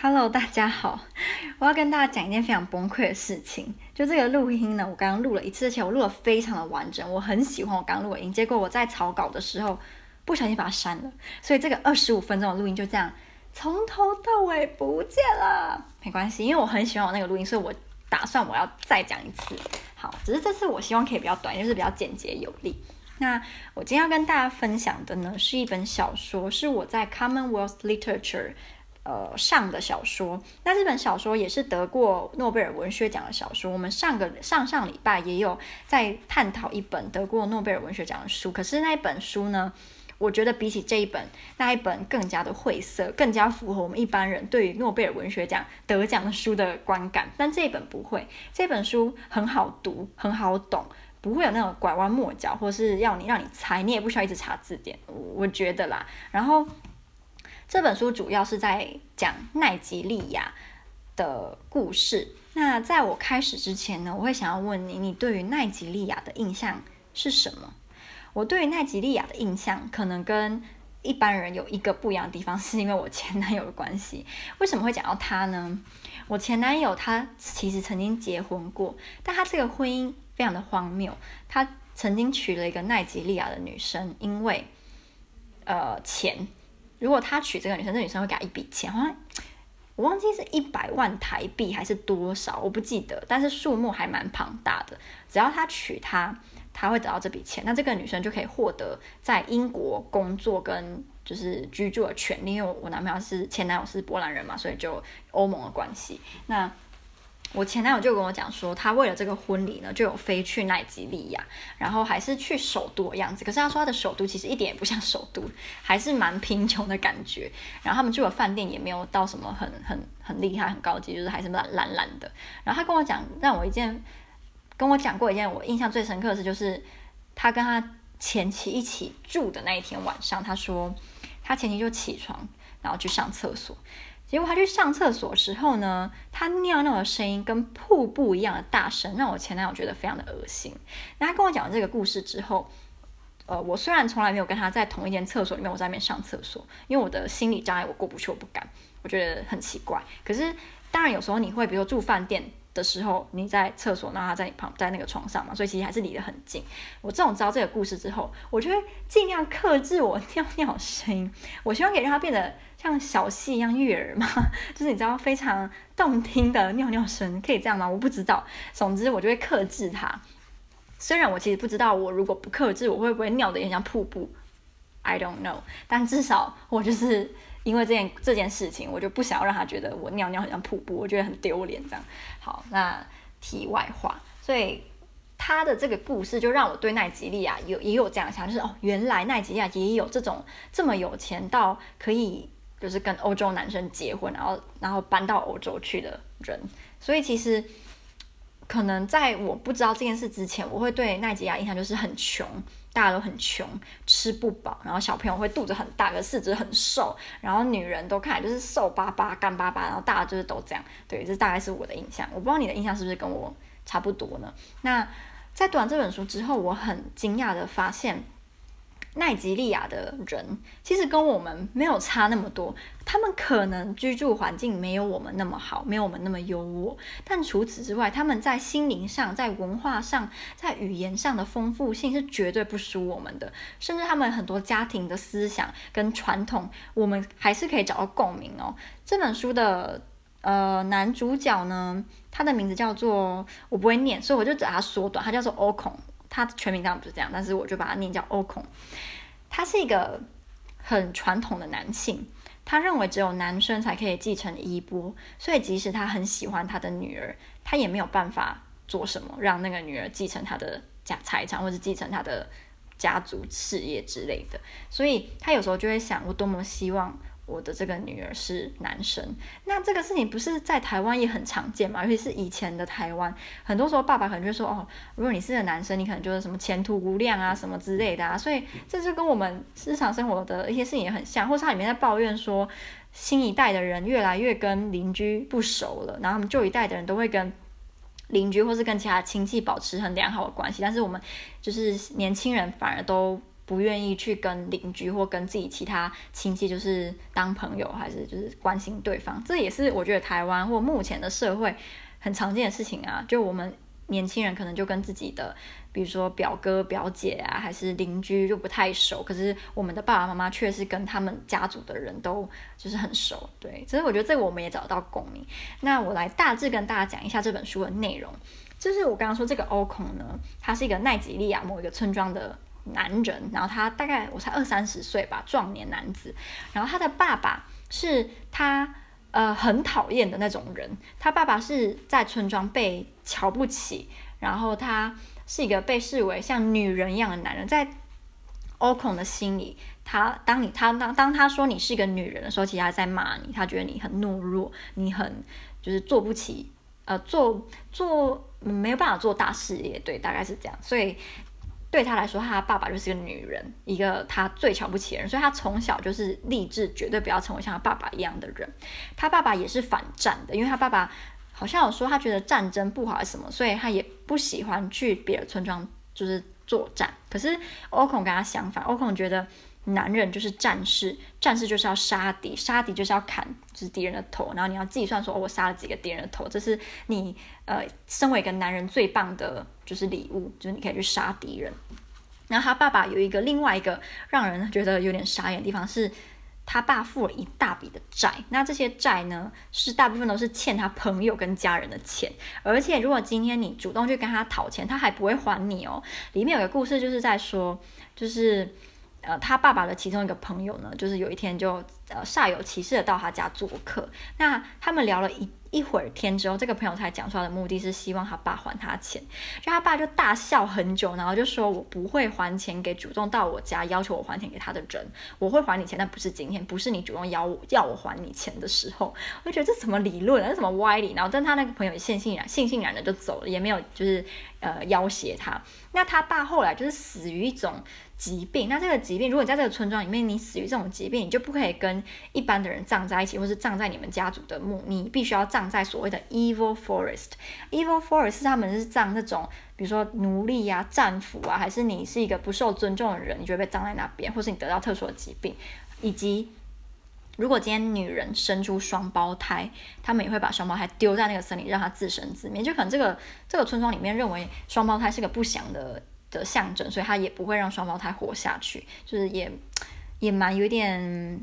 Hello，大家好！我要跟大家講一件非常崩潰的事情。就這個錄音呢，我剛剛錄了一次前，而且我錄得非常的完整，我很喜歡我剛錄的音。結果我在草稿的時候，不小心把它刪了，所以這個二十五分鐘的錄音就這樣從頭到尾不見了。沒關係，因為我很喜歡我那個錄音，所以我打算我要再講一次。好，只是這次我希望可以比較短，就是比較簡潔有力。那我今天要跟大家分享的呢，是一本小說，是我在 Commonwealth Literature。呃，上的小說，那這本小說也是得過諾貝爾文學獎的小說。我們上個上上禮拜也有在探討一本得過諾貝爾文學獎的書，可是那一本書呢，我覺得比起這一本，那一本更加的晦澀，更加符合我們一般人對於諾貝爾文學獎得獎的書的觀感。但這一本不會，這本書很好讀，很好懂，不會有那種拐彎抹角，或是要你讓你猜，你也不需要一直查字典，我，我覺得啦。然後。這本書主要是在講奈及利亞的故事。那在我開始之前呢，我會想要問你，你對於奈及利亞的印象是什麼？我對於奈及利亞的印象，可能跟一般人有一個不一樣的地方，是因為我前男友的關係。為什麼會講到他呢？我前男友他其實曾經結婚過，但他這個婚姻非常的荒謬。他曾經娶了一個奈及利亞的女生，因為呃錢。如果他娶這個女生，這個女生會給他一筆錢，好像我忘記是一百萬台幣還是多少，我不記得，但是數目還蠻龐大的。只要他娶她，他會得到這筆錢，那這個女生就可以獲得在英國工作跟就是居住的權利。因為我男朋友是前男友是波蘭人嘛，所以就歐盟的關係。那我前男友就跟我講說，他為了這個婚禮呢，就有飛去奈及利亞，然後還是去首都的樣子。可是他說他的首都其實一點也不像首都，還是蠻貧窮的感覺。然後他們住的飯店也沒有到什麼很很很厲害、很高級，就是還是懶懶懶的。然後他跟我講，讓我一件跟我講過一件我印象最深刻的事，就是他跟他前妻一起住的那一天晚上，他說他前妻就起床，然後去上廁所。結果他去上廁所的時候呢，他尿尿的聲音跟瀑布一樣的大聲，讓我前男友覺得非常的噁心。那他跟我講了這個故事之後，呃，我雖然從來沒有跟他在同一間廁所裡面，我在那邊上廁所，因為我的心理障礙我過不去，我不敢，我覺得很奇怪。可是當然有時候你會，比如說住飯店。的時候，你在廁所，然後他在你旁，在那個床上嘛，所以其實還是離得很近。我這種知道這個故事之後，我就會盡量克制我尿尿聲音。我希望可以讓它變得像小溪一樣悅耳嘛，就是你知道非常動聽的尿尿聲，可以這樣嗎？我不知道。總之我就會克制它。雖然我其實不知道，我如果不克制，我會不會尿得也像瀑布？I don't know，但至少我就是因為這件這件事情，我就不想要讓他覺得我尿尿很像瀑布，我覺得很丟臉這樣。好，那題外話，所以他的這個故事就讓我對奈及利亞有也有這樣想就是哦，原來奈及亞也有這種這麼有錢到可以就是跟歐洲男生結婚，然後然後搬到歐洲去的人。所以其實可能在我不知道這件事之前，我會對奈及亞印象就是很窮。大家都很窮，吃不飽，然後小朋友會肚子很大，可四肢很瘦，然後女人都看就是瘦巴巴、乾巴巴，然後大家就是都這樣，對，這大概是我的印象。我不知道你的印象是不是跟我差不多呢？那在讀完這本書之後，我很驚訝地發現。奈及利亞的人其實跟我們沒有差那麼多，他們可能居住環境沒有我們那麼好，沒有我們那麼優渥，但除此之外，他們在心靈上、在文化上、在語言上的豐富性是絕對不輸我們的，甚至他們很多家庭的思想跟傳統，我們還是可以找到共鳴哦。這本書的呃男主角呢，他的名字叫做我不會念，所以我就把它縮短，他叫做 Okon 他全名當然不是這樣，但是我就把他念叫歐孔。他是一個很傳統的男性，他認為只有男生才可以繼承衣缽，所以即使他很喜歡他的女兒，他也沒有辦法做什麼讓那個女兒繼承他的家財產或者繼承他的家族事業之類的。所以他有時候就會想，我多麼希望。我的這個女兒是男生，那這個事情，不是在台灣也很常見嘛？尤其是以前的台灣，很多時候爸爸可能就會說，哦，如果你是個男生，你可能就是什麼前途無量啊，什麼之類的啊。所以這就跟我們日常生活的一些事情也很像。或是他裡面在抱怨說，新一代的人越來越跟鄰居不熟了，然後我們舊一代的人都會跟鄰居或是跟其他親戚保持很良好的關係，但是我們就是年輕人反而都。不願意去跟鄰居或跟自己其他親戚就是當朋友，還是就是關心對方。這也是我覺得台灣或目前的社會很常見的事情啊。就我們年輕人可能就跟自己的，比如說表哥表姐啊，還是鄰居就不太熟，可是我們的爸爸媽媽卻是跟他們家族的人都就是很熟。對，所以我覺得這個我們也找到共鳴。那我來大致跟大家講一下這本書的內容，就是我剛剛說這個歐孔呢，他是一個奈及利亞某一個村莊的男人，然後他大概我才二三十歲吧，壯年男子。然後他的爸爸是他呃很討厭的那種人，他爸爸是在村莊被瞧不起，然後他是一個被視為像女人一樣的男人。在 Okon 的心裡，他當你他當當他說你是一個女人的時候，其實他在罵你，他覺得你很懦弱，你很就是做不起，呃做做沒有辦法做大事業，對，大概是這樣，所以。對他來說，他爸爸就是個女人，一個他最瞧不起的人，所以他從小就是立志絕對不要成為像他爸爸一樣的人。他爸爸也是反戰的，因為他爸爸好像有說他覺得戰爭不好還是什麼，所以他也不喜歡去別的村莊就是作戰。可是歐孔跟他相反，歐孔覺得。男人就是戰士，戰士就是要殺敵，殺敵就是要砍就是敵人的頭，然後你要計算說，哦，我殺了幾個敵人的頭，這是你呃身為一個男人最棒的就是禮物，就是你可以去殺敵人。然後他爸爸有一個另外一個讓人覺得有點傻眼的地方是，他爸付了一大筆的債，那這些債呢是大部分都是欠他朋友跟家人的錢，而且如果今天你主動去跟他討錢，他還不會還你哦。裡面有一個故事就是在說，就是。呃，他爸爸的其中一個朋友呢，就是有一天就呃煞有其事的到他家做客，那他們聊了一一會兒天之後，這個朋友才講出來的目的是希望他爸還他錢，就他爸就大笑很久，然後就說：“我不會還錢給主動到我家要求我還錢給他的人，我會還你錢，但不是今天，不是你主動要我要我還你錢的時候。”我就覺得這什麼理論啊，這什麼歪理？然後但他那個朋友悻悻然、悻悻然的就走了，也沒有就是呃要挾他。那他爸後來就是死於一種。疾病，那這個疾病如果你在這個村莊裡面，你死於這種疾病，你就不可以跟一般的人葬在一起，或是葬在你們家族的墓，你必須要葬在所謂的 Evil Forest。Evil Forest 他們是葬那種，比如說奴隸呀、啊、戰俘啊，還是你是一個不受尊重的人，你就會被葬在那邊，或是你得到特殊的疾病，以及如果今天女人生出雙胞胎，他們也會把雙胞胎丟在那個森林，讓他自生自滅。就可能這個這個村莊裡面認為雙胞胎是個不祥的的象徵，所以他也不會讓雙胞胎活下去，就是也也蠻有點。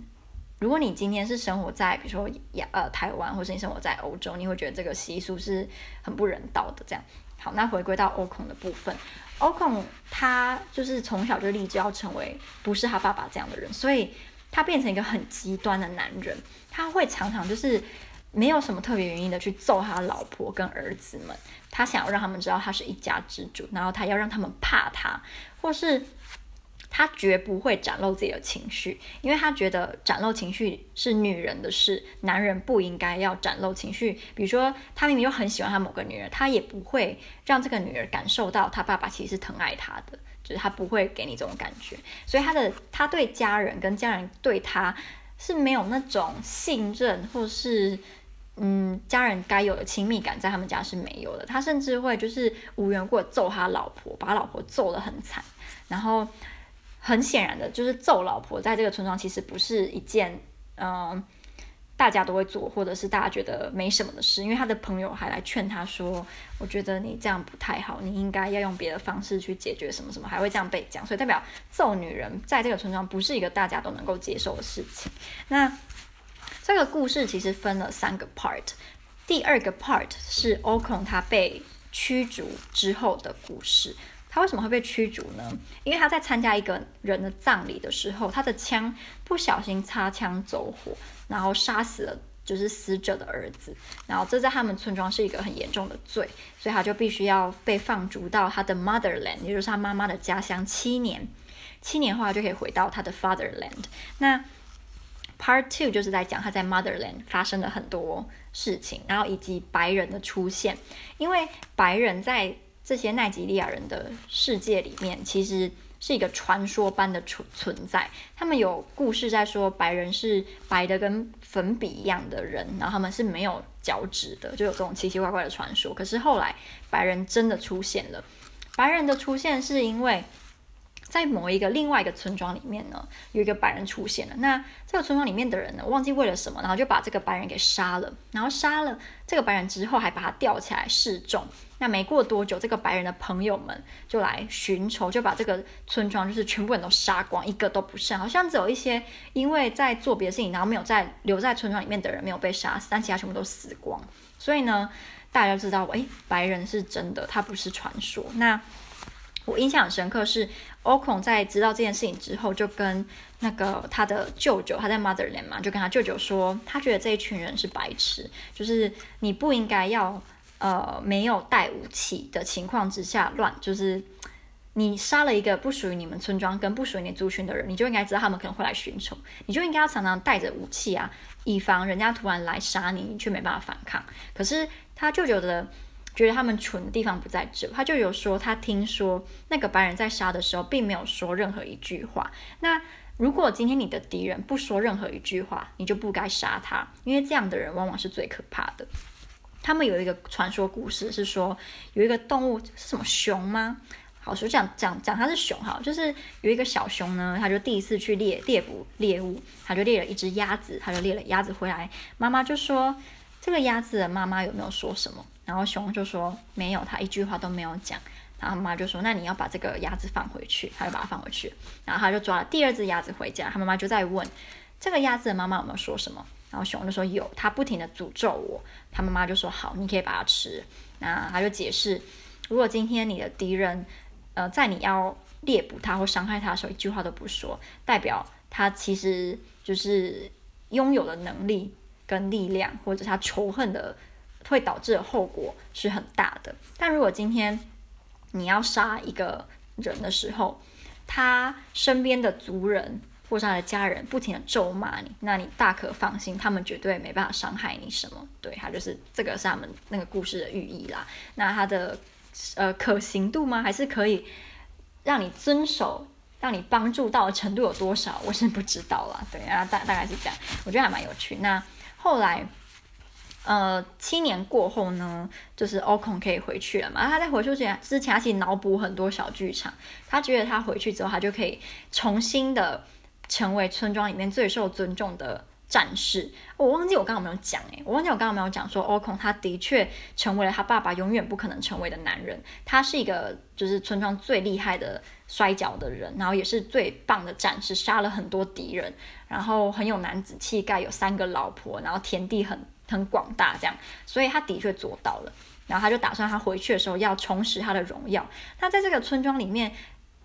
如果你今天是生活在比如說亞呃台灣，或是你生活在歐洲，你會覺得這個習俗是很不人道的這樣。好，那回歸到歐孔的部分，歐孔他就是從小就立志要成為不是他爸爸這樣的人，所以他變成一個很極端的男人，他會常常就是沒有什麼特別原因的去揍他老婆跟兒子們。他想要讓他們知道他是一家之主，然後他要讓他們怕他，或是他絕不會展露自己的情緒，因為他覺得展露情緒是女人的事，男人不應該要展露情緒。比如說，他明明就很喜歡他某個女兒，他也不會讓這個女兒感受到他爸爸其實是疼愛他的，就是他不會給你這種感覺。所以他的他對家人跟家人對他是沒有那種信任，或是。嗯，家人該有的親密感在他們家是沒有的。他甚至會就是無緣無故揍他老婆，把老婆揍得很慘。然後很顯然的，就是揍老婆在這個村莊其實不是一件嗯、呃、大家都會做，或者是大家覺得沒什麼的事。因為他的朋友還來勸他說：“我覺得你這樣不太好，你應該要用別的方式去解決什麼什麼。”還會這樣被講，所以代表揍女人在這個村莊不是一個大家都能夠接受的事情。那。這個故事其實分了三個 part，第二個 part 是 Okonkwo 他被驅逐之後的故事。他為什麼會被驅逐呢？因為他在參加一個人的葬禮的時候，他的槍不小心擦槍走火，然後殺死了就是死者的兒子。然後這在他們村莊是一個很嚴重的罪，所以他就必須要被放逐到他的 motherland，也就是他媽媽的家鄉七年。七年後他就可以回到他的 fatherland。那 Part two 就是在講他在 Motherland 發生了很多事情，然後以及白人的出現，因為白人在這些奈及利亞人的世界裡面，其實是一個傳說般的存存在。他們有故事在說，白人是白的跟粉筆一樣的人，然後他們是沒有腳趾的，就有這種奇奇怪怪的傳說。可是後來白人真的出現了，白人的出現是因為。在某一個另外一個村莊裡面呢，有一個白人出現了。那這個村莊裡面的人呢，我忘記為了什麼，然後就把這個白人給殺了。然後殺了這個白人之後，還把他吊起來示眾。那沒過多久，這個白人的朋友們就來尋仇，就把這個村莊就是全部人都殺光，一個都不剩。好像只有一些因為在做別的事情，然後沒有在留在村莊裡面的人沒有被殺死，但其他全部都死光。所以呢，大家就知道，哎，白人是真的，他不是傳說。那。我印象很深刻是，是歐孔在知道這件事情之後，就跟那個他的舅舅，他在 Motherland 嘛，就跟他舅舅說，他覺得這一群人是白痴，就是你不應該要呃沒有帶武器的情況之下亂，就是你殺了一個不屬於你們村莊跟不屬於你族群的人，你就應該知道他們可能會來尋仇，你就應該要常常帶着武器啊，以防人家突然來殺你，你卻沒辦法反抗。可是他舅舅的。覺得他們蠢的地方不在這，他就有說他聽說那個白人在殺的時候並沒有說任何一句話。那如果今天你的敵人不說任何一句話，你就不該殺他，因為這樣的人往往是最可怕的。他們有一個傳說故事是說有一個動物是什麼熊嗎？好，說這樣講講，講他是熊哈，就是有一個小熊呢，他就第一次去獵獵捕獵物，他就獵了一隻鴨子，他就獵了鴨子回來，媽媽就說。這個鴨子的媽媽有沒有說什麼？然後熊就說沒有，他一句話都沒有講。然後他媽媽就說：“那你要把這個鴨子放回去。”他就把它放回去。然後他就抓了第二隻鴨子回家，他媽媽就在問：“這個鴨子的媽媽有沒有說什麼？”然後熊就說：“有，他不停地詛咒我。”他媽媽就說：“好，你可以把它吃。”那他就解釋：“如果今天你的敵人，呃，在你要獵捕它或傷害它的時候，一句話都不說，代表他其實就是擁有了能力。”跟力量，或者他仇恨的，會導致的後果，是很大的。但如果今天你要殺一個人的時候，他身邊的族人或者他的家人不停的咒罵你，那你大可放心，他們絕對沒辦法傷害你什麼。對，他就是這個是他們那個故事的寓意啦。那他的呃可行度嗎？還是可以讓你遵守，讓你幫助到的程度有多少？我是不知道啦。對啊，大大概是這樣，我覺得還蠻有趣。那。後來，呃，七年過後呢，就是歐孔可以回去了嘛。他在回去之前，他其實腦補很多小劇場。他覺得他回去之後，他就可以重新的成為村莊裡面最受尊重的戰士。我忘記我剛剛有沒有講哎，我忘記我剛剛有沒有講說歐孔，他的確成為了他爸爸永遠不可能成為的男人。他是一個，就是村莊最厲害的。摔跤的人，然後也是最棒的戰士，殺了很多敵人，然後很有男子氣概，有三個老婆，然後田地很很廣大，這樣，所以他的確做到了。然後他就打算他回去的時候要重拾他的榮耀。他在這個村莊裡面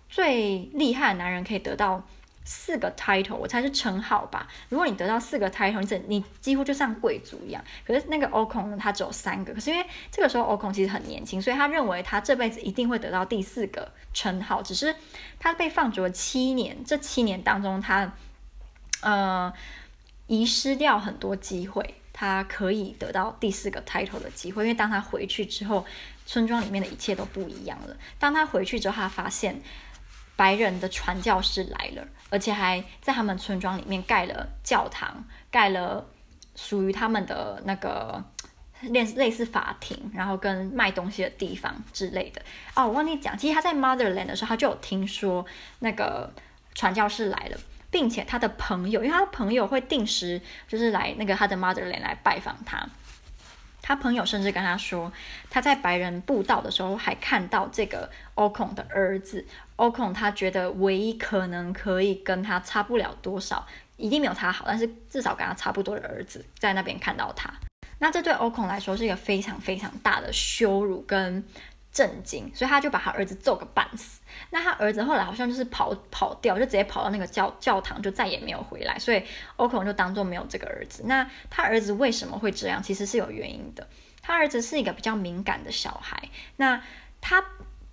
最厲害的男人可以得到四個 title，我猜是稱號吧。如果你得到四個 title，你你幾乎就像貴族一樣。可是那個歐孔呢，他只有三個。可是因為這個時候歐孔其實很年輕，所以他認為他這輩子一定會得到第四個稱號。只是他被放逐了七年，這七年當中他呃遺失掉很多機會，他可以得到第四個 title 的機會。因為當他回去之後，村莊裡面的一切都不一樣了。當他回去之後，他發現。白人的傳教士來了，而且還在他們村莊裡面蓋了教堂，蓋了屬於他們的那個類類似法庭，然後跟賣東西的地方之類的。哦，我跟你講，其實他在 Motherland 的時候，他就有聽說那個傳教士來了，並且他的朋友，因為他的朋友會定時就是來那個他的 Motherland 來拜訪他，他朋友甚至跟他說，他在白人布道的時候還看到這個歐孔的兒子。歐孔他覺得唯一可能可以跟他差不了多少，一定沒有他好，但是至少跟他差不多的兒子在那邊看到他，那這對歐孔來說是一個非常非常大的羞辱跟震驚，所以他就把他兒子揍個半死。那他兒子後來好像就是跑跑掉，就直接跑到那個教教堂，就再也沒有回來，所以歐孔就當作沒有這個兒子。那他兒子為什麼會這樣？其實是有原因的。他兒子是一個比較敏感的小孩，那他。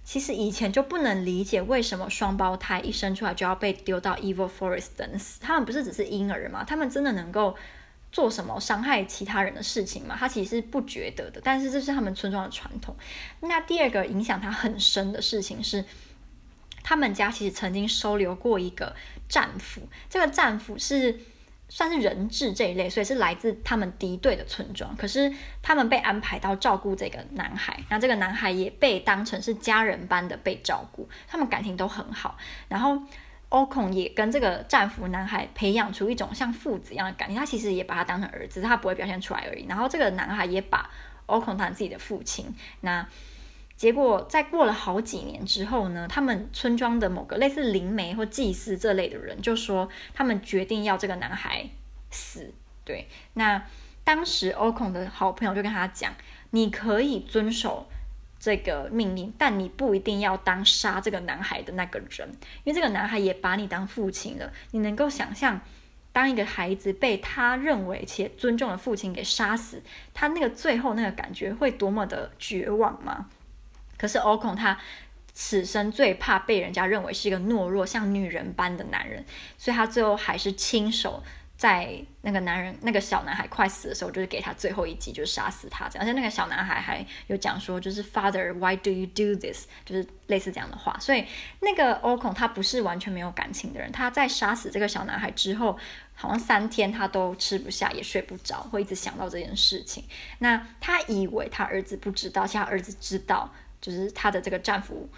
其實以前就不能理解為什麼雙胞胎一生出來就要被丟到 Evil Forest 等死他們不是只是嬰兒嗎？他們真的能夠做什麼傷害其他人的事情嗎？他其實不覺得的，但是這是他們村莊的傳統。那第二個影響他很深的事情是，他們家其實曾經收留過一個戰俘。這個戰俘是。算是人質這一類，所以是來自他們敵對的村莊。可是他們被安排到照顧這個男孩，那這個男孩也被當成是家人般的被照顧，他們感情都很好。然後歐孔也跟這個戰俘男孩培養出一種像父子一樣的感情，他其實也把他當成兒子，他不會表現出來而已。然後這個男孩也把歐孔當自己的父親。那結果在過了好幾年之後呢，他們村莊的某個類似靈媒或祭司這類的人就說，他們決定要這個男孩死。對，那當時歐孔的好朋友就跟他講：“你可以遵守這個命令，但你不一定要當殺這個男孩的那個人，因為這個男孩也把你當父親了。你能夠想象，當一個孩子被他認為且尊重的父親給殺死，他那個最後那個感覺會多麼的絕望嗎？”可是歐孔他此生最怕被人家認為是一個懦弱，像女人般的男人，所以他最後還是親手在那個男人、那個小男孩快死的時候，就是給他最後一擊，就是殺死他。而且那個小男孩還有講說，就是 Father，why do you do this？就是類似這樣的話。所以那個歐孔他不是完全沒有感情的人，他在殺死這個小男孩之後，好像三天他都吃不下，也睡不着，會一直想到這件事情。那他以為他兒子不知道，其實他兒子知道。就是他的這個丈夫，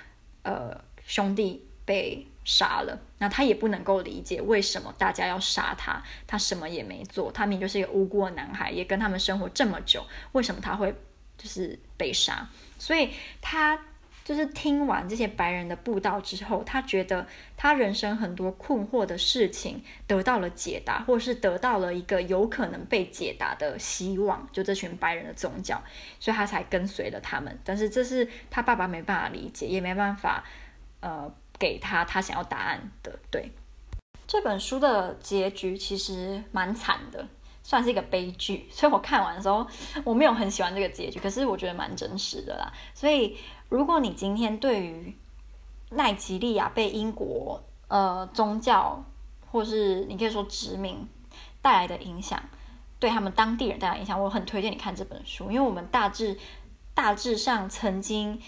呃，兄弟被殺了，那他也不能夠理解為什麼大家要殺他，他什麼也沒做，他明明就是一個無辜的男孩，也跟他們生活這麼久，為什麼他會就是被殺？所以他。就是聽完這些白人的布道之後，他覺得他人生很多困惑的事情得到了解答，或者是得到了一個有可能被解答的希望。就這群白人的宗教，所以他才跟隨了他們。但是這是他爸爸沒辦法理解，也沒辦法呃給他他想要答案的。對，這本書的結局其實蠻慘的，算是一個悲劇。所以我看完的時候，我沒有很喜歡這個結局，可是我覺得蠻真實的啦。所以。如果你今天對於奈及利亞被英國呃宗教或是你可以說殖民帶來的影響，對他們當地人帶來影響，我很推薦你看這本書，因為我們大致大致上曾經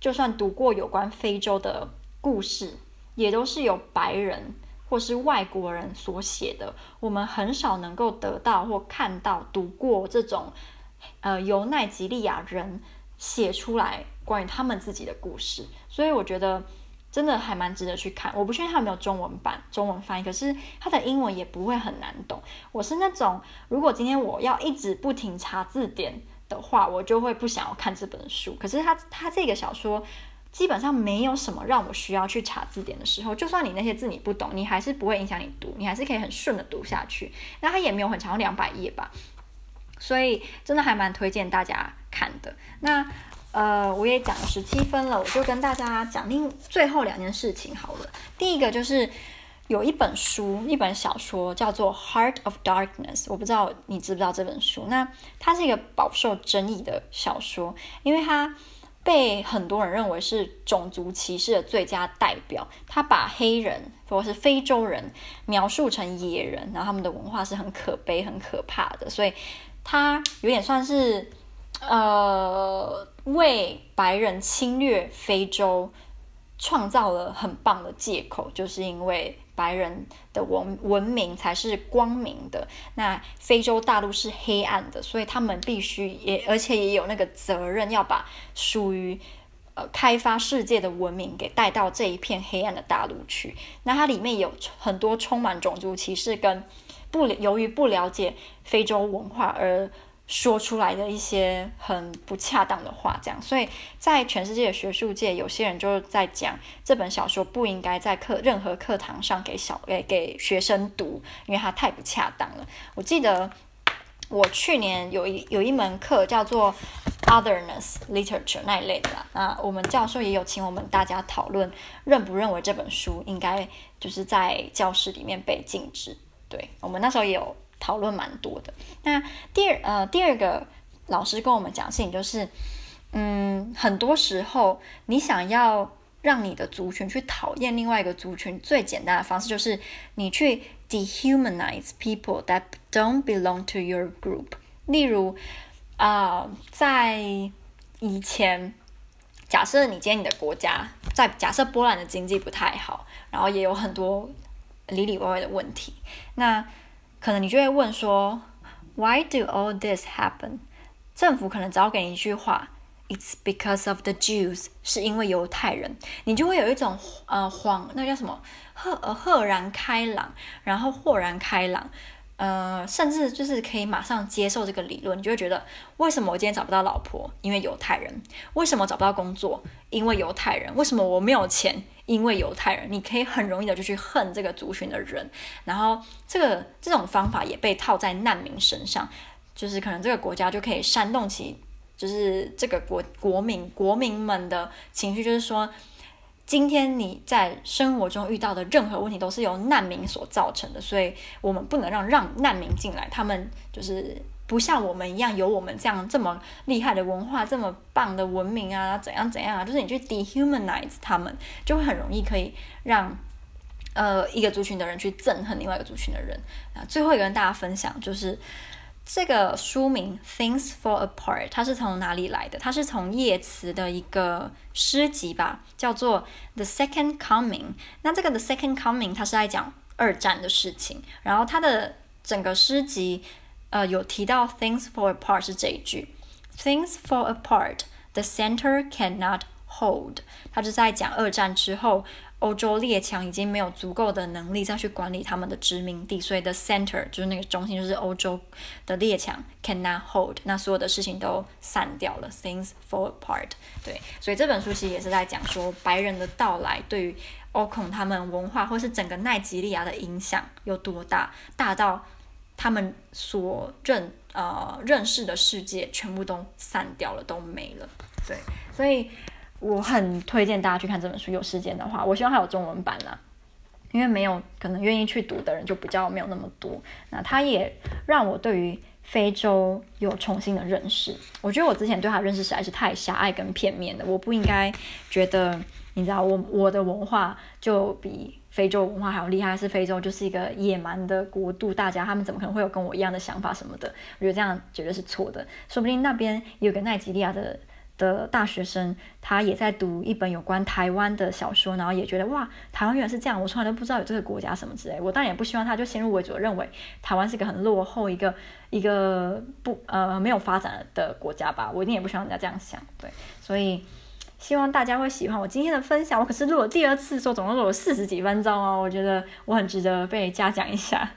就算讀過有關非洲的故事，也都是由白人或是外國人所寫的，我們很少能夠得到或看到讀過這種呃由奈及利亞人寫出來關於他們自己的故事，所以我覺得真的還蠻值得去看。我不確定它有沒有中文版，中文翻譯，可是它的英文也不會很難懂。我是那種如果今天我要一直不停查字典的話，我就會不想要看這本書。可是它它這個小說基本上沒有什麼讓我需要去查字典的時候，就算你那些字你不懂，你還是不會影響你讀，你還是可以很順的讀下去。那它也沒有很長，兩百頁吧，所以真的還蠻推薦大家看的。那呃，我也講了十七分了，我就跟大家講另最後兩件事情好了。第一個就是有一本書，一本小說叫做《Heart of Darkness》，我不知道你知不知道這本書。那它是一個飽受爭議的小說，因為它被很多人認為是種族歧視的最佳代表。他把黑人，或是非洲人，描述成野人，然後他們的文化是很可悲、很可怕的，所以它有點算是。呃，為白人侵略非洲創造了很棒的借口，就是因為白人的文文明才是光明的，那非洲大陸是黑暗的，所以他們必須也而且也有那個責任要把屬於呃開發世界的文明給帶到這一片黑暗的大陸去。那它裡面有很多充滿種族歧視跟不由於不了解非洲文化而。說出來的一些很不恰當的話，這樣，所以在全世界的學術界，有些人就是在講這本小說不應該在課任何課堂上給小誒給，給學生讀，因為它太不恰當了。我記得我去年有一有一門課叫做 Otherness Literature 那一類的啦，那我們教授也有請我們大家討論認不認為這本書應該就是在教室裡面被禁止。對，我們那時候也有。討論蠻多的。那第二，呃，第二個老師跟我們講的事情就是，嗯，很多時候你想要讓你的族群去討厭另外一個族群，最簡單的方式就是你去 dehumanize people that don't belong to your group。例如，啊、呃，在以前，假設你今天你的國家在假設波蘭的經濟不太好，然後也有很多裡裡外外的問題，那。可能你就會問說，Why do all this happen？政府可能只要給你一句話，It's because of the Jews，是因為猶太人，你就會有一種呃恍，那叫什麼，赫呃赫然開朗，然後豁然開朗，呃，甚至就是可以馬上接受這個理論，你就會覺得，為什麼我今天找不到老婆？因為猶太人。為什麼我找不到工作？因為猶太人。為什麼我沒有錢？因為猶太人，你可以很容易的就去恨這個族群的人，然後這個這種方法也被套在難民身上，就是可能這個國家就可以煽動起，就是這個國國民國民們的情緒，就是說，今天你在生活中遇到的任何問題都是由難民所造成的，所以我們不能讓讓難民進來，他們就是。不像我們一樣有我們這樣這麼厲害的文化，這麼棒的文明啊，怎樣怎樣啊？就是你去 dehumanize 他們，就會很容易可以讓呃一個族群的人去憎恨另外一個族群的人。啊，最後一個跟大家分享就是這個書名 Things Fall Apart，它是從哪裡來的？它是從葉慈的一個詩集吧，叫做 The Second Coming。那這個 The Second Coming 它是在講二戰的事情，然後它的整個詩集。呃，有提到 things fall apart 是這一句，things fall apart，the center cannot hold。他是在講二戰之後，歐洲列強已經沒有足夠的能力再去管理他們的殖民地，所以 the center 就是那個中心，就是歐洲的列強 cannot hold，那所有的事情都散掉了，things fall apart。對，所以這本書其實也是在講說白人的到來對於歐孔他們文化或是整個奈及利亞的影響有多大，大到。他們所認啊、呃，認識的世界全部都散掉了，都沒了。對，所以我很推薦大家去看這本書，有時間的話。我希望它有中文版啦，因為沒有可能願意去讀的人就比較沒有那麼多。那它也讓我對於非洲有重新的認識。我覺得我之前對它的認識實在是太狹隘跟片面了。我不應該覺得，你知道，我我的文化就比。非洲文化好厲害，是非洲就是一個野蠻的國度？大家他們怎麼可能會有跟我一樣的想法什麼的？我覺得這樣絕對是錯的。說不定那邊有個奈及利亞的的大學生，他也在讀一本有關台灣的小說，然後也覺得哇，台灣原來是這樣，我從來都不知道有這個國家什麼之類。我當然也不希望他就先入為主地認為台灣是一個很落後一、一個一個不呃沒有發展的國家吧。我一定也不希望人家這樣想，對，所以。希望大家會喜歡我今天的分享。我可是錄了第二次，說總共錄了四十幾分鐘哦。我覺得我很值得被嘉獎一下。